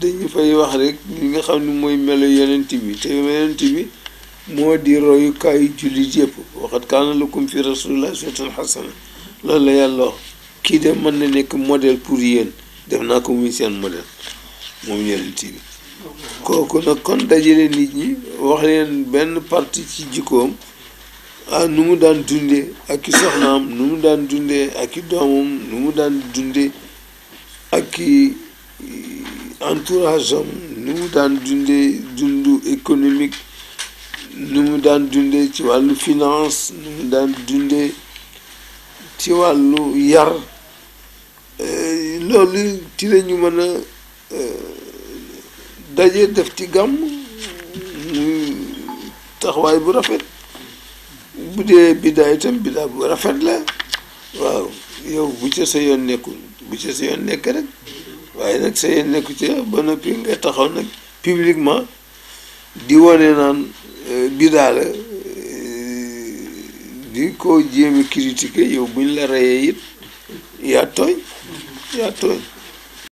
dañu fay wax rekk li nga xam ne mooy melo yonent bi te yonent bi moo di royukaayu jullit yëpp waxat kaana lakum fi rasulillah uswatun hasana loolu la yàlla wax kii de mën na nekk modèle pour yéen def naa ko muy seen modèle moom yonent bi kooku nag kon dajale nit ñi wax leen benn parti ci jikkoom ah mu daan dundee ak i nu mu daan dundee ak i doomam nu mu daan dundee ak i entourage am nu mu daan dundee dundu économique nu mu daan dundee ci wàllu finance nu mu daan dundee ci wàllu yar eh, loolu ci la ñu mën a eh, daje def ci gàmm muy taxawaay bu rafet bu dee biddaa itam biddaa bu rafet la waaw yow bu ca sa yoon nekkul bu ca sa yoon nekk rek waaye nag sa yéen nekku ci ba noppi nga taxaw nag publiquement di wane naan euh, bi daala euh, di ko jéem a critiquer yow buñ la reyee it yaa tooñ yaa tooñ